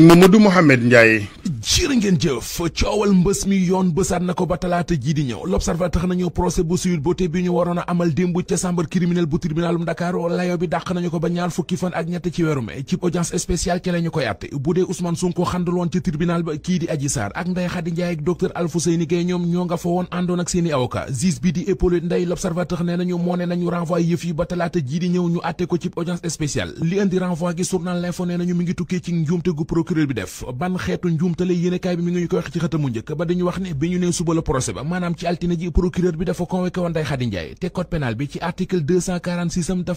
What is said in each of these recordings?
du Mouhamed Ndiaye jërë ngeen jëf coowal mbës mi yoon bësaat na ko ba talaata jii di ñëw l'observateur nañu procès bu suyul beauté bi ñu waroon a amal démbu ca chambre criminelle bu tribunalum Dakar layo bi dàq nañu ko ba ñaar fukki fan ak ñett ci weeru mai ci audience spéciale ca ñu koy àtte bu dee Ousmane Sonko xandul woon ci tribunal kii di Adji Sarr ak Ndeye Khady Ndiaye ak docteur Alfouseyni Gaye ñoom ñoo nga fa woon àndoon ak seeni avocat juge bi di Hippolyte Ndeye l'observateur la yéenekaay bi mi ngi ne suba la procès ba maanaam ci altine ji procureur bi dafa convoqué woon Ndeye te code pénal bi ci article daf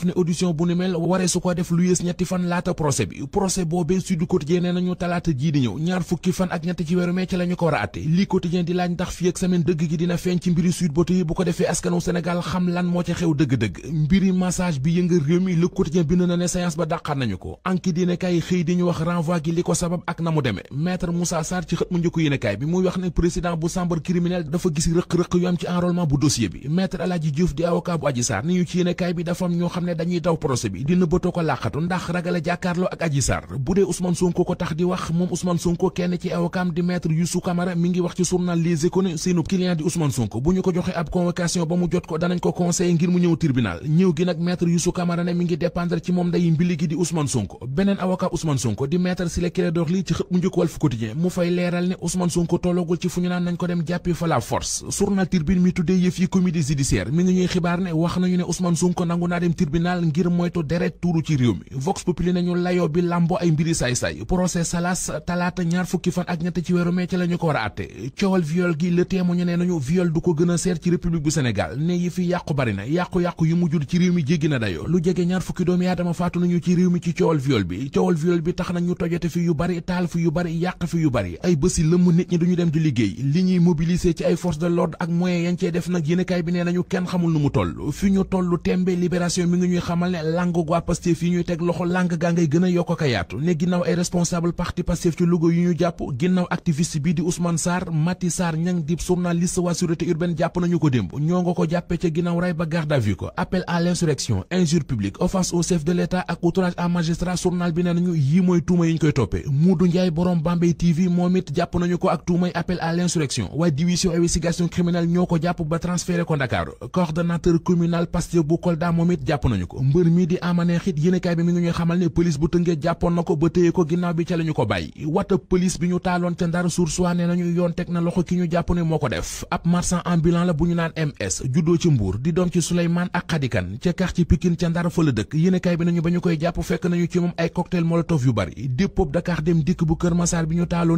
ne audition bu ni mel waree su ko def lu yées ñetti fan laata procès bi procès boobee Sud Quotidien nee nañu talaata jii di ñëw ñaar fukki fan ak ñetti ci weeru mee ci la ko war a lii Quotidien di laaj ndax fii ak dëgg gi dina feeñ ci mbiri Sud Beauté yi bu ko defee askanu Sénégal xam lan moo ci xew dëgg-dëgg Moustapha Sarr ci xët mu njëkk yéenekaay bi muy wax na président bu chambre criminelle dafa gis rëq-rëq yu am ci enrôlement bu dossier bi maître El Hadji di avocat bu Adji ni ñu ci yéenekaay bi dafa am ñoo xam ne dañuy daw procès bi di nëbbatoo ko làqatu ndax ragal a jàkkaarloo ak Adji bu dee Ousmane Sonko ko tax di wax moom Ousmane Sonko kenn ci avocatam di maître Youssou Camara mi ngi wax ci journal Les Échos di Ousmane Sonko bu ñu ko joxe ab convocation ba ko danañ ko conseiller ngir gi nag maître Youssou Camara ne mi ngi dépendre ci moom day fay leeral ne Ousmane Sonko tollogul ci fu ñu naan nañ ko dem jàppi fa la force journal mi tuddee yëf yi comédie judiciaire mi ngi ñuy xibaar ne wax nañu ne Ousmane Sonko nangu naa dem tribunal ngir moytu deret tuuru ci réew mi Vox Populi nañu layoo bi làmbo ay mbiri saay-saay procès Salas talaata ñaar fukki fan ak ñett ci weeru mee ci la ñu ko war a àtte coowal viol gi le témoigné ne nañu viol du ko gën seer ci république bu Sénégal ne yi fi yu mujjul ci réew mi na dayo lu jege yu bari taal fi bari ay bés yi nit ñi duñu dem di liggéey li ñuy mobiliser ci ay force de l'ordre ak moyens yañ def nag yéenekaay bi nee nañu kenn xamul nu mu toll fi ñu toll tembe libération mi ngi ñuy xamal ne langue waa Pastef yi ñuy teg loxo langue gaa ngay gën yokk ko ne ginnaaw ay responsable parti Pastef ci Louga yu ñu jàpp ginnaaw activiste bii di Ousmane Sarr Mati Sarr ñang di journaliste waa sûreté urbaine jàpp nañu ko démb ñoo nga ko jàppee ca ginnaaw ray moom it jàpp nañu ko ak tuumay appel à l'insurrection waa division investigation criminelle ñoo ko jàpp ba transféré ko Dakar coordonnateur communal Pastef bu Kolda moom it jàpp nañu ko mbër mii di amaneex it yéenekaay bi mi ngi ñuy xamal ne police bu Tëngéej jàppoon na ko ba téye ko ginnaaw bi ca la ko bàyyi wata police bi ñu taaloon ca Ndar source ne nañu yoon teg na loxo ki ñu jàpp ne moo ko def ab marchand ambulant la bu ñu naan MS juddoo ca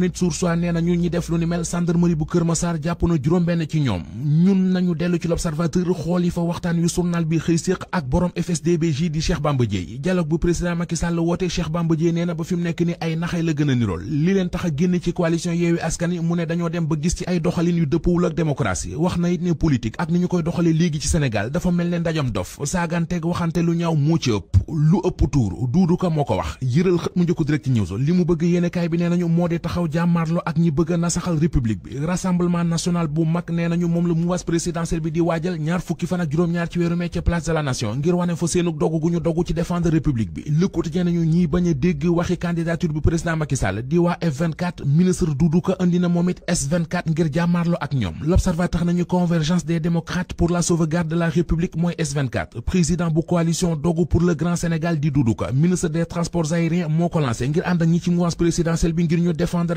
tamit source a nee na ñu ñi def lu ni mel gendarmerie bu Kër Massar jàpp na juróom-benn ci ñoom ñun nañu dellu ci l'observateur xool yi fa waxtaan wi journal bi xëy séq ak borom FSD/BJ di Cheikh Bamba Dièye dialogue bu président Macky Sall woote Cheikh Bamba Dièye nee na ba fi nekk ni ay naxay la gën a nirool li leen tax a génn ci coalition Yewwi Askan mu ne dañoo dem ba gis ci ay doxalin yu dëppawul ak démocratie wax na it ne politique ak ni ñu koy doxalee jàmmarloo ak ñi bëgg nasaxal république bi rassemblement national bu mag nee nañu moom la mouvance présidentielle bi di waajal ñaar fukki fan ak juróom-ñaar ci weeru mai ca place de la nation ngir wane fa seenu gu ñu dogu ci défendre république bi Le Quotidien nañu ñiy bañ a dégg waxi candidature bu président Macky di waa f ministre Doudou Ka indi na moom it s ngir jàmmarloo ak ñoom L'Observateur nañu convergence des démocrates pour la sauvegarde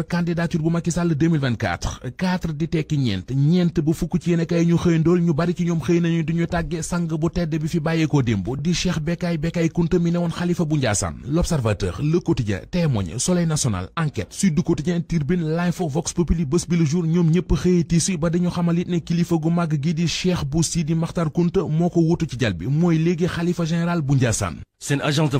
contre candidature bu Macky Sall 2024 quatre di tekki ñeent ñeent bu fukk ci yéen kay ñu xëyandool ñu bari ci ñoom xëy nañu di ñu tàgge sang bu tedd bi fi bàyyeekoo démb di Cheikh Bekay Bekay Kunta mi ne woon xalifa bu Njaasaan L'Observateur Le Quotidien Témoin Soleil National Enquête Sud Quotidien Tribune L'Info Vox Populi Bës Bi Le Jour ñoom ñëpp xëyati si ba dañu xamal it ne kilifa gu màgg gi di Cheikh bu Sidi Makhtar Kunta moo ko wutu ci jal bi mooy léegi xalifa général bu Njaasaan seen agence de